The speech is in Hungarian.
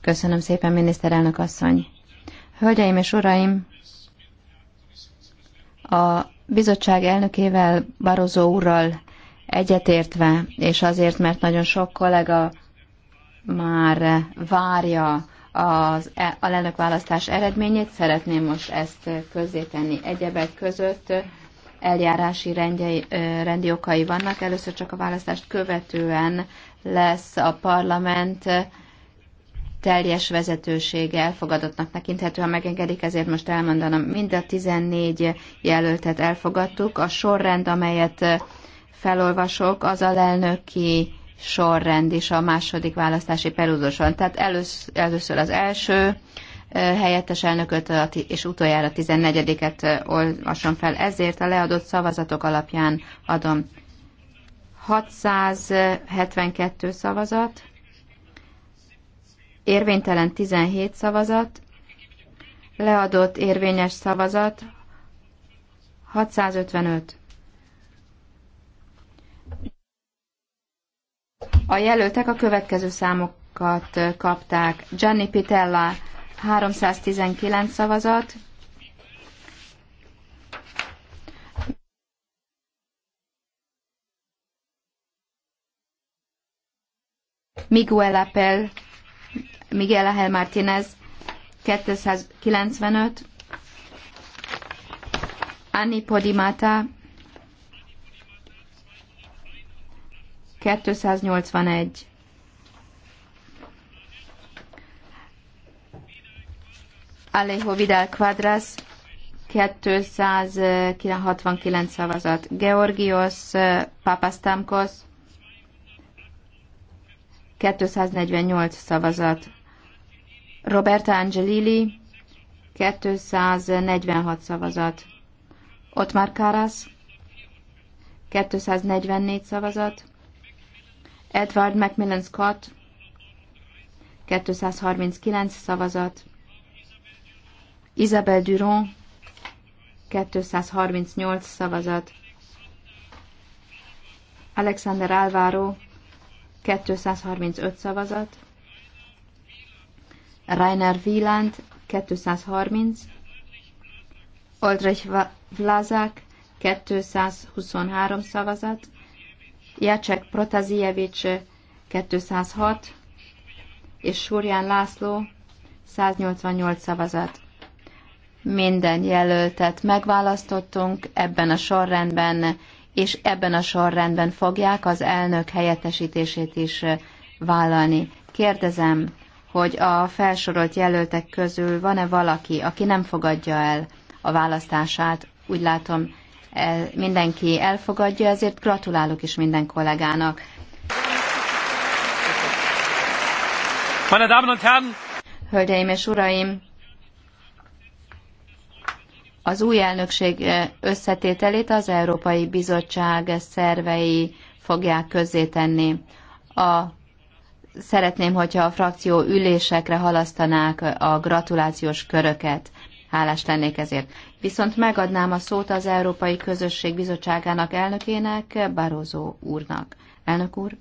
Köszönöm szépen, miniszterelnök asszony. Hölgyeim és uraim, a bizottság elnökével, Barozó úrral egyetértve, és azért, mert nagyon sok kollega már várja az e- alelnök választás eredményét, szeretném most ezt közzétenni egyebek között eljárási rendjei, rendi okai vannak. Először csak a választást követően lesz a parlament teljes vezetősége elfogadottnak tekinthető, ha megengedik, ezért most elmondanom. Mind a 14 jelöltet elfogadtuk. A sorrend, amelyet felolvasok, az a lelnöki sorrend is a második választási perúzóson. Tehát elősz, először az első, helyettes elnököt és utoljára 14-et olvasom fel. Ezért a leadott szavazatok alapján adom 672 szavazat, érvénytelen 17 szavazat, leadott érvényes szavazat 655. A jelöltek a következő számokat kapták. Gianni Pitella 319 szavazat, Miguel Apel, Miguel Ángel Martínez 295, Anni Podimata 281. Alejo Vidal Quadras 269 szavazat. Georgios eh, Papastamkos 248 szavazat. Roberta Angelilli 246 szavazat. Otmar Karas 244 szavazat. Edward Macmillan Scott 239 szavazat. Isabel Durand 238 szavazat. Alexander Álváró 235 szavazat. Rainer Wieland 230. Oldrich Vlazák 223 szavazat. Jacek Protasievics 206 és Súrján László 188 szavazat minden jelöltet megválasztottunk, ebben a sorrendben, és ebben a sorrendben fogják az elnök helyettesítését is eh, vállalni. Kérdezem, hogy a felsorolt jelöltek közül van-e valaki, aki nem fogadja el a választását? Úgy látom, eh, mindenki elfogadja, ezért gratulálok is minden kollégának. Hölgyeim és uraim, az új elnökség eh, összetételét az Európai Bizottság szervei fogják közzétenni. A, szeretném, hogyha a frakció ülésekre halasztanák a gratulációs köröket. Hálás lennék ezért. Viszont megadnám a szót az Európai Közösség Bizottságának elnökének, Barózó úrnak. Elnök úr?